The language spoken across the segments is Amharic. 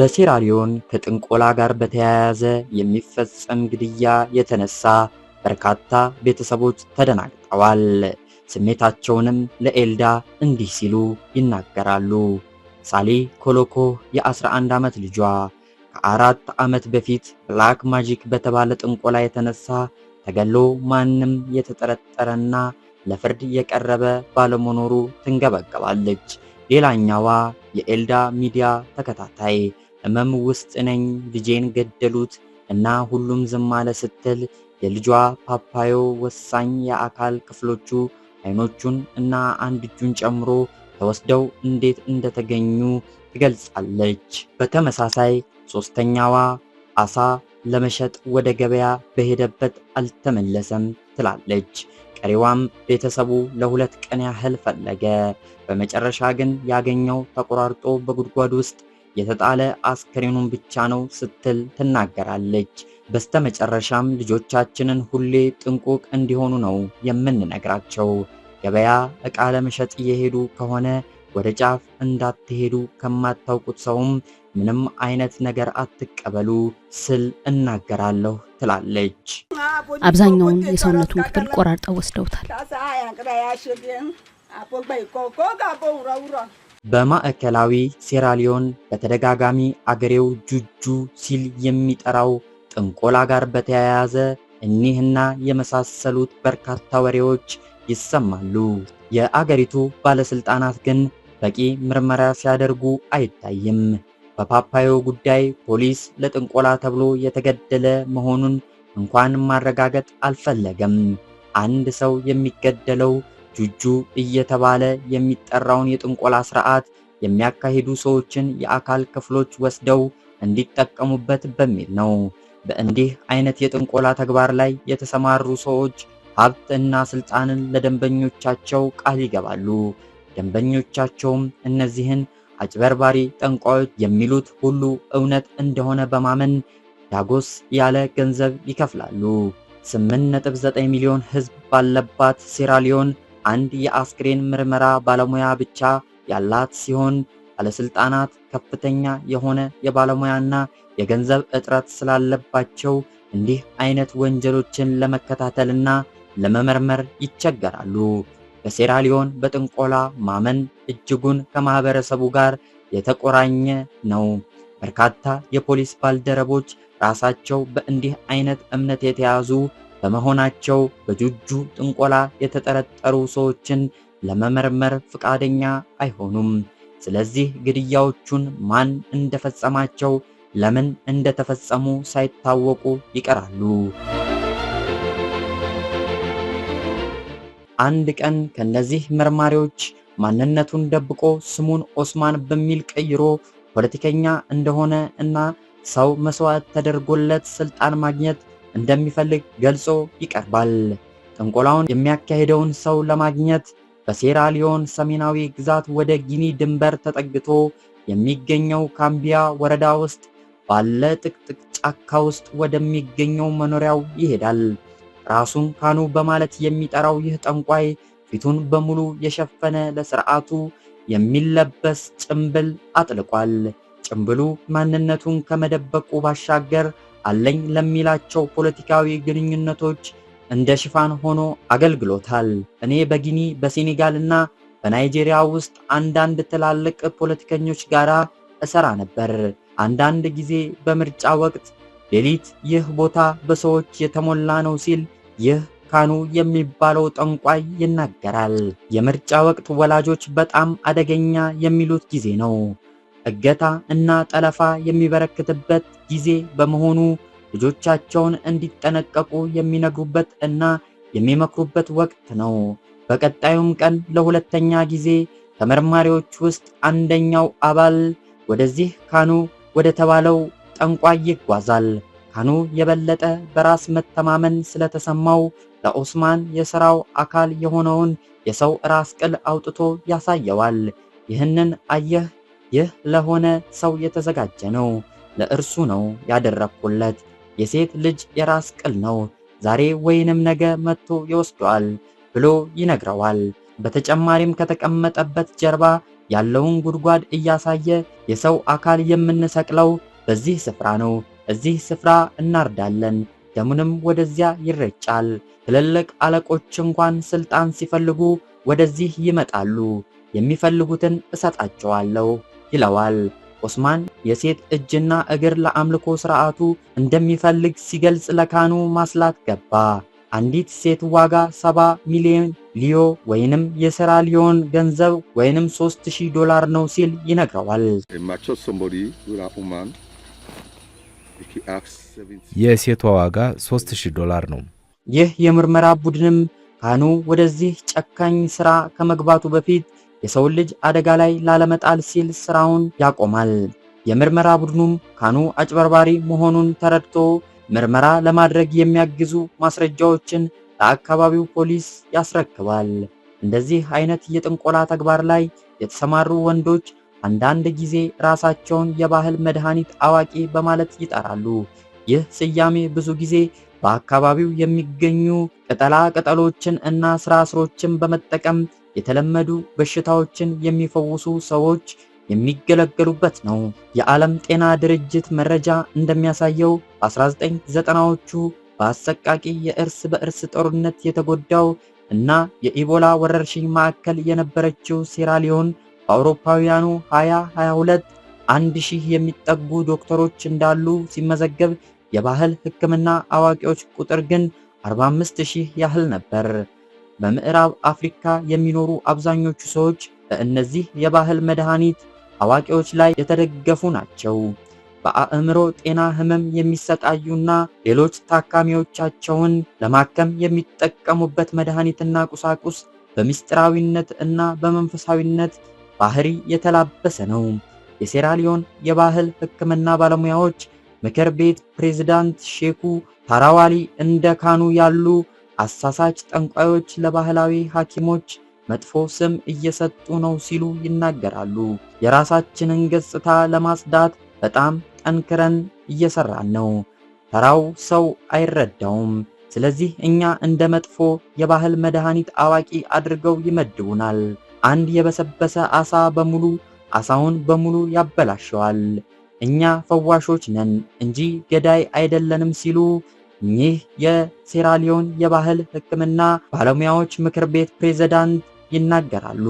በሴራሊዮን ከጥንቆላ ጋር በተያያዘ የሚፈጸም ግድያ የተነሳ በርካታ ቤተሰቦች ተደናግጠዋል። ስሜታቸውንም ለኤልዳ እንዲህ ሲሉ ይናገራሉ። ሳሊ ኮሎኮ የ11 ዓመት ልጇ ከአራት ዓመት በፊት ብላክ ማጂክ በተባለ ጥንቆላ የተነሳ ተገሎ ማንም የተጠረጠረና ለፍርድ የቀረበ ባለመኖሩ ትንገበገባለች። ሌላኛዋ የኤልዳ ሚዲያ ተከታታይ ሕመም ውስጥ ነኝ፣ ልጄን ገደሉት እና ሁሉም ዝም አለ ስትል የልጇ ፓፓዮ ወሳኝ የአካል ክፍሎቹ አይኖቹን እና አንድ እጁን ጨምሮ ተወስደው እንዴት እንደተገኙ ትገልጻለች። በተመሳሳይ ሶስተኛዋ አሳ ለመሸጥ ወደ ገበያ በሄደበት አልተመለሰም ትላለች። ቀሪዋም ቤተሰቡ ለሁለት ቀን ያህል ፈለገ። በመጨረሻ ግን ያገኘው ተቆራርጦ በጉድጓድ ውስጥ የተጣለ አስከሬኑን ብቻ ነው ስትል ትናገራለች። በስተመጨረሻም ልጆቻችንን ሁሌ ጥንቁቅ እንዲሆኑ ነው የምንነግራቸው። ገበያ ዕቃ ለመሸጥ እየሄዱ ከሆነ ወደ ጫፍ እንዳትሄዱ፣ ከማታውቁት ሰውም ምንም አይነት ነገር አትቀበሉ ስል እናገራለሁ ትላለች። አብዛኛውን የሰውነቱን ክፍል ቆራርጠው ወስደውታል። በማዕከላዊ ሴራሊዮን በተደጋጋሚ አገሬው ጁጁ ሲል የሚጠራው ጥንቆላ ጋር በተያያዘ እኒህና የመሳሰሉት በርካታ ወሬዎች ይሰማሉ። የአገሪቱ ባለስልጣናት ግን በቂ ምርመራ ሲያደርጉ አይታይም። በፓፓዮ ጉዳይ ፖሊስ ለጥንቆላ ተብሎ የተገደለ መሆኑን እንኳን ማረጋገጥ አልፈለገም። አንድ ሰው የሚገደለው ጁጁ እየተባለ የሚጠራውን የጥንቆላ ስርዓት የሚያካሂዱ ሰዎችን የአካል ክፍሎች ወስደው እንዲጠቀሙበት በሚል ነው። በእንዲህ አይነት የጥንቆላ ተግባር ላይ የተሰማሩ ሰዎች ሀብት እና ስልጣንን ለደንበኞቻቸው ቃል ይገባሉ። ደንበኞቻቸውም እነዚህን አጭበርባሪ ጠንቋዮች የሚሉት ሁሉ እውነት እንደሆነ በማመን ዳጎስ ያለ ገንዘብ ይከፍላሉ። 8.9 ሚሊዮን ህዝብ ባለባት ሴራሊዮን አንድ የአስክሬን ምርመራ ባለሙያ ብቻ ያላት ሲሆን ባለስልጣናት ከፍተኛ የሆነ የባለሙያና የገንዘብ እጥረት ስላለባቸው እንዲህ አይነት ወንጀሎችን ለመከታተልና ለመመርመር ይቸገራሉ። በሴራሊዮን በጥንቆላ ማመን እጅጉን ከማህበረሰቡ ጋር የተቆራኘ ነው። በርካታ የፖሊስ ባልደረቦች ራሳቸው በእንዲህ አይነት እምነት የተያዙ በመሆናቸው በጁጁ ጥንቆላ የተጠረጠሩ ሰዎችን ለመመርመር ፈቃደኛ አይሆኑም። ስለዚህ ግድያዎቹን ማን እንደፈጸማቸው፣ ለምን እንደተፈጸሙ ሳይታወቁ ይቀራሉ። አንድ ቀን ከነዚህ መርማሪዎች ማንነቱን ደብቆ ስሙን ኦስማን በሚል ቀይሮ ፖለቲከኛ እንደሆነ እና ሰው መስዋዕት ተደርጎለት ስልጣን ማግኘት እንደሚፈልግ ገልጾ ይቀርባል። ጥንቆላውን የሚያካሄደውን ሰው ለማግኘት በሴራ ሊዮን ሰሜናዊ ግዛት ወደ ጊኒ ድንበር ተጠግቶ የሚገኘው ካምቢያ ወረዳ ውስጥ ባለ ጥቅጥቅ ጫካ ውስጥ ወደሚገኘው መኖሪያው ይሄዳል። ራሱን ካኑ በማለት የሚጠራው ይህ ጠንቋይ ፊቱን በሙሉ የሸፈነ ለስርዓቱ የሚለበስ ጭምብል አጥልቋል። ጭምብሉ ማንነቱን ከመደበቁ ባሻገር አለኝ ለሚላቸው ፖለቲካዊ ግንኙነቶች እንደ ሽፋን ሆኖ አገልግሎታል። እኔ በጊኒ በሴኔጋል እና በናይጄሪያ ውስጥ አንዳንድ ትላልቅ ፖለቲከኞች ጋር እሰራ ነበር። አንዳንድ ጊዜ በምርጫ ወቅት ሌሊት ይህ ቦታ በሰዎች የተሞላ ነው ሲል ይህ ካኑ የሚባለው ጠንቋይ ይናገራል። የምርጫ ወቅት ወላጆች በጣም አደገኛ የሚሉት ጊዜ ነው። እገታ እና ጠለፋ የሚበረክትበት ጊዜ በመሆኑ ልጆቻቸውን እንዲጠነቀቁ የሚነግሩበት እና የሚመክሩበት ወቅት ነው። በቀጣዩም ቀን ለሁለተኛ ጊዜ ከመርማሪዎች ውስጥ አንደኛው አባል ወደዚህ ካኑ ወደ ተባለው ጠንቋይ ይጓዛል። ካኑ የበለጠ በራስ መተማመን ስለተሰማው ለኦስማን የሥራው አካል የሆነውን የሰው ራስ ቅል አውጥቶ ያሳየዋል። ይህንን አየህ ይህ ለሆነ ሰው የተዘጋጀ ነው፣ ለእርሱ ነው ያደረግኩለት። የሴት ልጅ የራስ ቅል ነው፣ ዛሬ ወይንም ነገ መጥቶ ይወስዷል ብሎ ይነግረዋል። በተጨማሪም ከተቀመጠበት ጀርባ ያለውን ጉድጓድ እያሳየ የሰው አካል የምንሰቅለው በዚህ ስፍራ ነው፣ እዚህ ስፍራ እናርዳለን፣ ደሙንም ወደዚያ ይረጫል። ትልልቅ አለቆች እንኳን ስልጣን ሲፈልጉ ወደዚህ ይመጣሉ፣ የሚፈልጉትን እሰጣቸዋለሁ ይለዋል። ኦስማን የሴት እጅና እግር ለአምልኮ ሥርዓቱ እንደሚፈልግ ሲገልጽ ለካኑ ማስላት ገባ። አንዲት ሴት ዋጋ 70 ሚሊዮን ሊዮ ወይንም የሥራ ሊዮን ገንዘብ ወይንም 3000 ዶላር ነው ሲል ይነግረዋል። የሴቷ ዋጋ 3000 ዶላር ነው። ይህ የምርመራ ቡድንም ካኑ ወደዚህ ጨካኝ ሥራ ከመግባቱ በፊት የሰውን ልጅ አደጋ ላይ ላለመጣል ሲል ስራውን ያቆማል። የምርመራ ቡድኑም ካኑ አጭበርባሪ መሆኑን ተረድቶ ምርመራ ለማድረግ የሚያግዙ ማስረጃዎችን ለአካባቢው ፖሊስ ያስረክባል። እንደዚህ አይነት የጥንቆላ ተግባር ላይ የተሰማሩ ወንዶች አንዳንድ ጊዜ ራሳቸውን የባህል መድኃኒት አዋቂ በማለት ይጠራሉ። ይህ ስያሜ ብዙ ጊዜ በአካባቢው የሚገኙ ቅጠላ ቅጠሎችን እና ስራስሮችን በመጠቀም የተለመዱ በሽታዎችን የሚፈውሱ ሰዎች የሚገለገሉበት ነው። የዓለም ጤና ድርጅት መረጃ እንደሚያሳየው በ1990ዎቹ በአሰቃቂ የእርስ በእርስ ጦርነት የተጎዳው እና የኢቦላ ወረርሽኝ ማዕከል የነበረችው ሴራሊዮን በአውሮፓውያኑ 2022 አንድ ሺህ የሚጠጉ ዶክተሮች እንዳሉ ሲመዘገብ የባህል ሕክምና አዋቂዎች ቁጥር ግን 45 ሺህ ያህል ነበር። በምዕራብ አፍሪካ የሚኖሩ አብዛኞቹ ሰዎች በእነዚህ የባህል መድኃኒት አዋቂዎች ላይ የተደገፉ ናቸው። በአእምሮ ጤና ህመም የሚሰቃዩና ሌሎች ታካሚዎቻቸውን ለማከም የሚጠቀሙበት መድኃኒትና ቁሳቁስ በምስጢራዊነት እና በመንፈሳዊነት ባህሪ የተላበሰ ነው። የሴራሊዮን የባህል ሕክምና ባለሙያዎች ምክር ቤት ፕሬዝዳንት ሼኩ ታራዋሊ እንደ ካኑ ያሉ አሳሳች ጠንቋዮች ለባህላዊ ሐኪሞች መጥፎ ስም እየሰጡ ነው ሲሉ ይናገራሉ። የራሳችንን ገጽታ ለማጽዳት በጣም ጠንክረን እየሰራን ነው። ተራው ሰው አይረዳውም። ስለዚህ እኛ እንደ መጥፎ የባህል መድኃኒት አዋቂ አድርገው ይመድቡናል። አንድ የበሰበሰ አሳ በሙሉ አሳውን በሙሉ ያበላሸዋል። እኛ ፈዋሾች ነን እንጂ ገዳይ አይደለንም ሲሉ እኚህ የሴራሊዮን የባህል ሕክምና ባለሙያዎች ምክር ቤት ፕሬዝዳንት ይናገራሉ።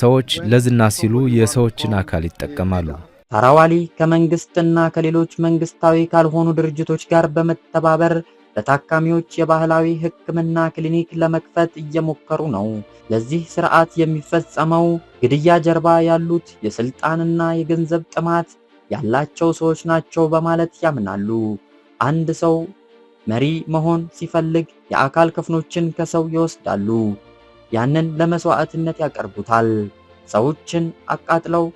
ሰዎች ለዝና ሲሉ የሰዎችን አካል ይጠቀማሉ። ታራዋሊ ከመንግስትና ከሌሎች መንግስታዊ ካልሆኑ ድርጅቶች ጋር በመተባበር ለታካሚዎች የባህላዊ ሕክምና ክሊኒክ ለመክፈት እየሞከሩ ነው። ለዚህ ስርዓት የሚፈጸመው ግድያ ጀርባ ያሉት የስልጣንና የገንዘብ ጥማት ያላቸው ሰዎች ናቸው በማለት ያምናሉ። አንድ ሰው መሪ መሆን ሲፈልግ የአካል ክፍሎችን ከሰው ይወስዳሉ፣ ያንን ለመስዋዕትነት ያቀርቡታል። ሰዎችን አቃጥለው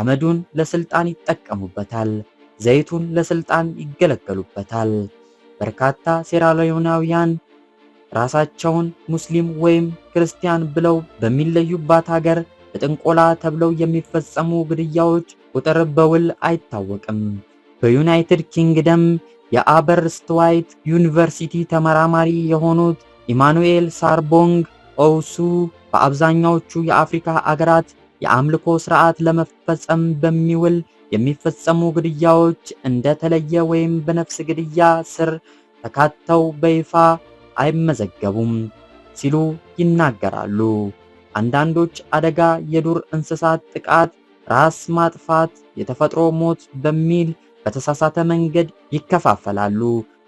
አመዱን ለስልጣን ይጠቀሙበታል፣ ዘይቱን ለስልጣን ይገለገሉበታል። በርካታ ሴራሊዮናውያን ራሳቸውን ሙስሊም ወይም ክርስቲያን ብለው በሚለዩባት ሀገር በጥንቆላ ተብለው የሚፈጸሙ ግድያዎች ቁጥር በውል አይታወቅም። በዩናይትድ ኪንግደም የአበርስትዋይት ዩኒቨርሲቲ ተመራማሪ የሆኑት ኢማኑኤል ሳርቦንግ ኦውሱ በአብዛኛዎቹ የአፍሪካ አገራት የአምልኮ ስርዓት ለመፈጸም በሚውል የሚፈጸሙ ግድያዎች እንደተለየ ወይም በነፍስ ግድያ ስር ተካተው በይፋ አይመዘገቡም ሲሉ ይናገራሉ። አንዳንዶች አደጋ፣ የዱር እንስሳት ጥቃት፣ ራስ ማጥፋት፣ የተፈጥሮ ሞት በሚል በተሳሳተ መንገድ ይከፋፈላሉ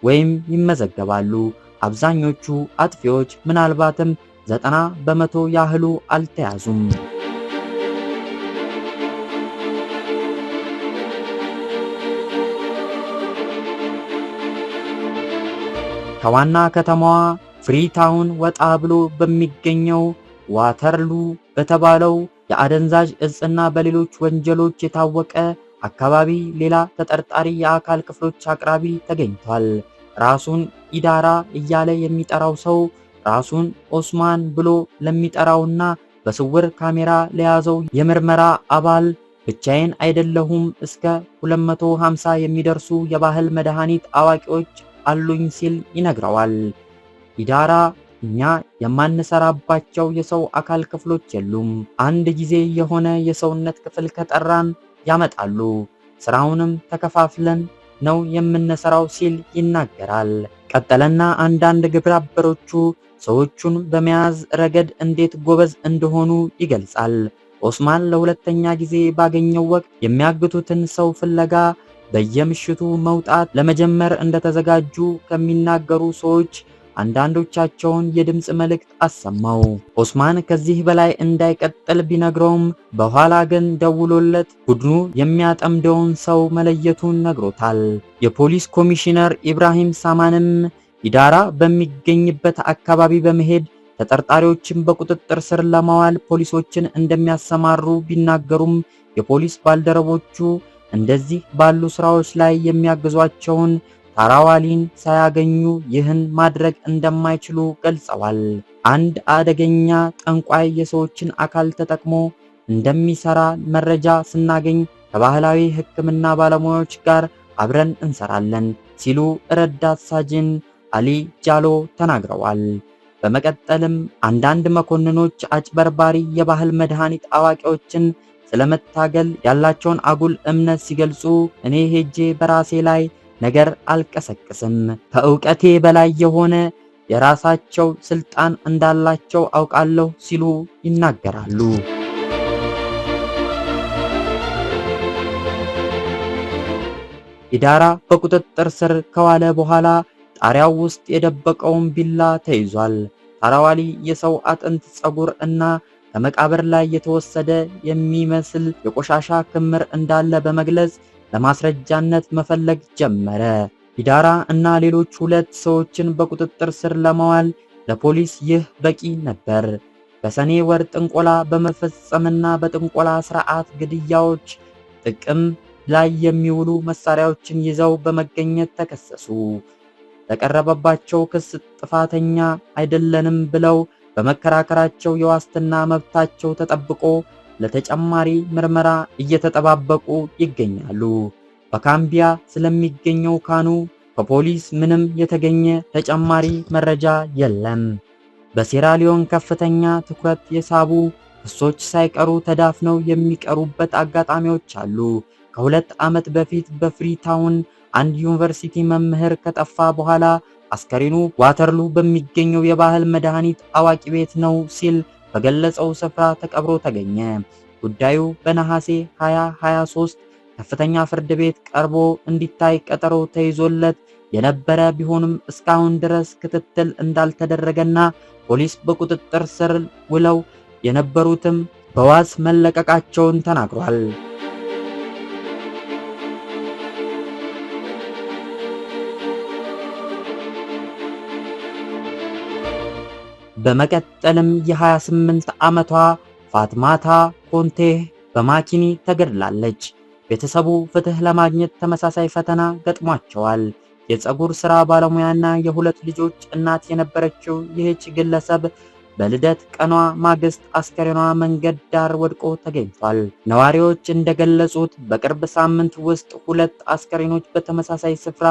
ወይም ይመዘገባሉ። አብዛኞቹ አጥፊዎች ምናልባትም ዘጠና በመቶ ያህሉ አልተያዙም። ከዋና ከተማዋ ፍሪታውን ወጣ ብሎ በሚገኘው ዋተርሉ በተባለው የአደንዛዥ እጽና በሌሎች ወንጀሎች የታወቀ አካባቢ ሌላ ተጠርጣሪ የአካል ክፍሎች አቅራቢ ተገኝቷል። ራሱን ኢዳራ እያለ የሚጠራው ሰው ራሱን ኦስማን ብሎ ለሚጠራውና በስውር ካሜራ ለያዘው የምርመራ አባል ብቻዬን አይደለሁም፣ እስከ 250 የሚደርሱ የባህል መድኃኒት አዋቂዎች አሉኝ ሲል ይነግረዋል። ኢዳራ እኛ የማንሰራባቸው የሰው አካል ክፍሎች የሉም። አንድ ጊዜ የሆነ የሰውነት ክፍል ከጠራን ያመጣሉ፣ ስራውንም ተከፋፍለን ነው የምንሰራው ሲል ይናገራል። ቀጠለና አንዳንድ ግብረ አበሮቹ ሰዎቹን በመያዝ ረገድ እንዴት ጎበዝ እንደሆኑ ይገልጻል። ኦስማን ለሁለተኛ ጊዜ ባገኘው ወቅት የሚያግቱትን ሰው ፍለጋ በየምሽቱ መውጣት ለመጀመር እንደተዘጋጁ ከሚናገሩ ሰዎች አንዳንዶቻቸውን የድምፅ መልእክት አሰማው። ኦስማን ከዚህ በላይ እንዳይቀጥል ቢነግረውም በኋላ ግን ደውሎለት ቡድኑ የሚያጠምደውን ሰው መለየቱን ነግሮታል። የፖሊስ ኮሚሽነር ኢብራሂም ሳማንም ኢዳራ በሚገኝበት አካባቢ በመሄድ ተጠርጣሪዎችን በቁጥጥር ስር ለማዋል ፖሊሶችን እንደሚያሰማሩ ቢናገሩም የፖሊስ ባልደረቦቹ እንደዚህ ባሉ ስራዎች ላይ የሚያግዟቸውን አራዋሊን ሳያገኙ ይህን ማድረግ እንደማይችሉ ገልጸዋል። አንድ አደገኛ ጠንቋይ የሰዎችን አካል ተጠቅሞ እንደሚሰራ መረጃ ስናገኝ ከባህላዊ ሕክምና ባለሙያዎች ጋር አብረን እንሰራለን ሲሉ ረዳት ሳጅን አሊ ጃሎ ተናግረዋል። በመቀጠልም አንዳንድ መኮንኖች አጭበርባሪ የባህል መድኃኒት አዋቂዎችን ስለመታገል ያላቸውን አጉል እምነት ሲገልጹ እኔ ሄጄ በራሴ ላይ ነገር አልቀሰቅስም። ከእውቀቴ በላይ የሆነ የራሳቸው ስልጣን እንዳላቸው አውቃለሁ ሲሉ ይናገራሉ። ኢዳራ በቁጥጥር ስር ከዋለ በኋላ ጣሪያው ውስጥ የደበቀውን ቢላ ተይዟል። ታራዋሊ የሰው አጥንት፣ ጸጉር እና ከመቃብር ላይ የተወሰደ የሚመስል የቆሻሻ ክምር እንዳለ በመግለጽ ለማስረጃነት መፈለግ ጀመረ። ሂዳራ እና ሌሎች ሁለት ሰዎችን በቁጥጥር ስር ለማዋል ለፖሊስ ይህ በቂ ነበር። በሰኔ ወር ጥንቆላ በመፈጸምና በጥንቆላ ስርዓት ግድያዎች ጥቅም ላይ የሚውሉ መሳሪያዎችን ይዘው በመገኘት ተከሰሱ። ለቀረበባቸው ክስ ጥፋተኛ አይደለንም ብለው በመከራከራቸው የዋስትና መብታቸው ተጠብቆ ለተጨማሪ ምርመራ እየተጠባበቁ ይገኛሉ። በካምቢያ ስለሚገኘው ካኑ ከፖሊስ ምንም የተገኘ ተጨማሪ መረጃ የለም። በሴራሊዮን ከፍተኛ ትኩረት የሳቡ ክሶች ሳይቀሩ ተዳፍነው የሚቀሩበት አጋጣሚዎች አሉ። ከሁለት ዓመት በፊት በፍሪታውን አንድ ዩኒቨርሲቲ መምህር ከጠፋ በኋላ አስከሬኑ ዋተርሉ በሚገኘው የባህል መድኃኒት አዋቂ ቤት ነው ሲል በገለጸው ስፍራ ተቀብሮ ተገኘ። ጉዳዩ በነሐሴ 2023 ከፍተኛ ፍርድ ቤት ቀርቦ እንዲታይ ቀጠሮ ተይዞለት የነበረ ቢሆንም እስካሁን ድረስ ክትትል እንዳልተደረገና ፖሊስ በቁጥጥር ስር ውለው የነበሩትም በዋስ መለቀቃቸውን ተናግሯል። በመቀጠልም የ28 ዓመቷ ፋትማታ ኮንቴህ በማኪኒ ተገድላለች። ቤተሰቡ ፍትህ ለማግኘት ተመሳሳይ ፈተና ገጥሟቸዋል። የፀጉር ሥራ ባለሙያና የሁለት ልጆች እናት የነበረችው ይህች ግለሰብ በልደት ቀኗ ማግስት አስከሬኗ መንገድ ዳር ወድቆ ተገኝቷል። ነዋሪዎች እንደገለጹት በቅርብ ሳምንት ውስጥ ሁለት አስከሬኖች በተመሳሳይ ስፍራ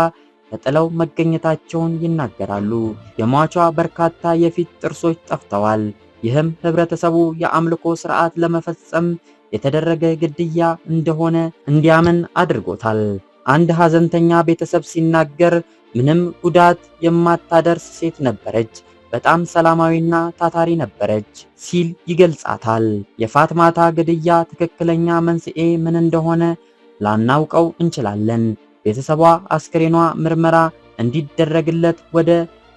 ተጥለው መገኘታቸውን ይናገራሉ። የሟቿ በርካታ የፊት ጥርሶች ጠፍተዋል። ይህም ህብረተሰቡ የአምልኮ ስርዓት ለመፈጸም የተደረገ ግድያ እንደሆነ እንዲያምን አድርጎታል። አንድ ሀዘንተኛ ቤተሰብ ሲናገር ምንም ጉዳት የማታደርስ ሴት ነበረች፣ በጣም ሰላማዊና ታታሪ ነበረች ሲል ይገልጻታል። የፋትማታ ግድያ ትክክለኛ መንስኤ ምን እንደሆነ ላናውቀው እንችላለን። ቤተሰቧ አስክሬኗ ምርመራ እንዲደረግለት ወደ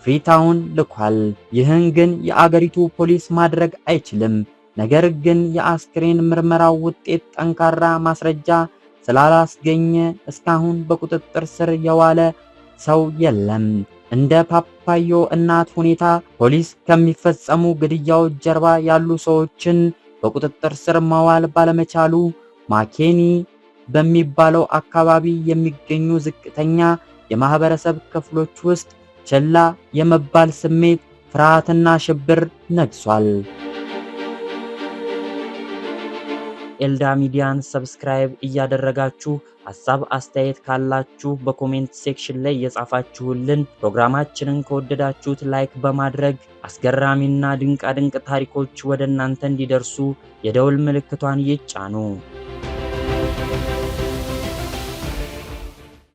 ፍሪታውን ልኳል። ይህን ግን የአገሪቱ ፖሊስ ማድረግ አይችልም። ነገር ግን የአስክሬን ምርመራው ውጤት ጠንካራ ማስረጃ ስላላስገኘ እስካሁን በቁጥጥር ስር የዋለ ሰው የለም። እንደ ፓፓዮ እናት ሁኔታ ፖሊስ ከሚፈጸሙ ግድያዎች ጀርባ ያሉ ሰዎችን በቁጥጥር ስር ማዋል ባለመቻሉ ማኬኒ በሚባለው አካባቢ የሚገኙ ዝቅተኛ የማህበረሰብ ክፍሎች ውስጥ ችላ የመባል ስሜት፣ ፍርሃትና ሽብር ነግሷል። ኤልዳ ሚዲያን ሰብስክራይብ እያደረጋችሁ ሀሳብ አስተያየት ካላችሁ በኮሜንት ሴክሽን ላይ የጻፋችሁልን፣ ፕሮግራማችንን ከወደዳችሁት ላይክ በማድረግ አስገራሚና ድንቃድንቅ ታሪኮች ወደ እናንተ እንዲደርሱ የደውል ምልክቷን ይጫኑ።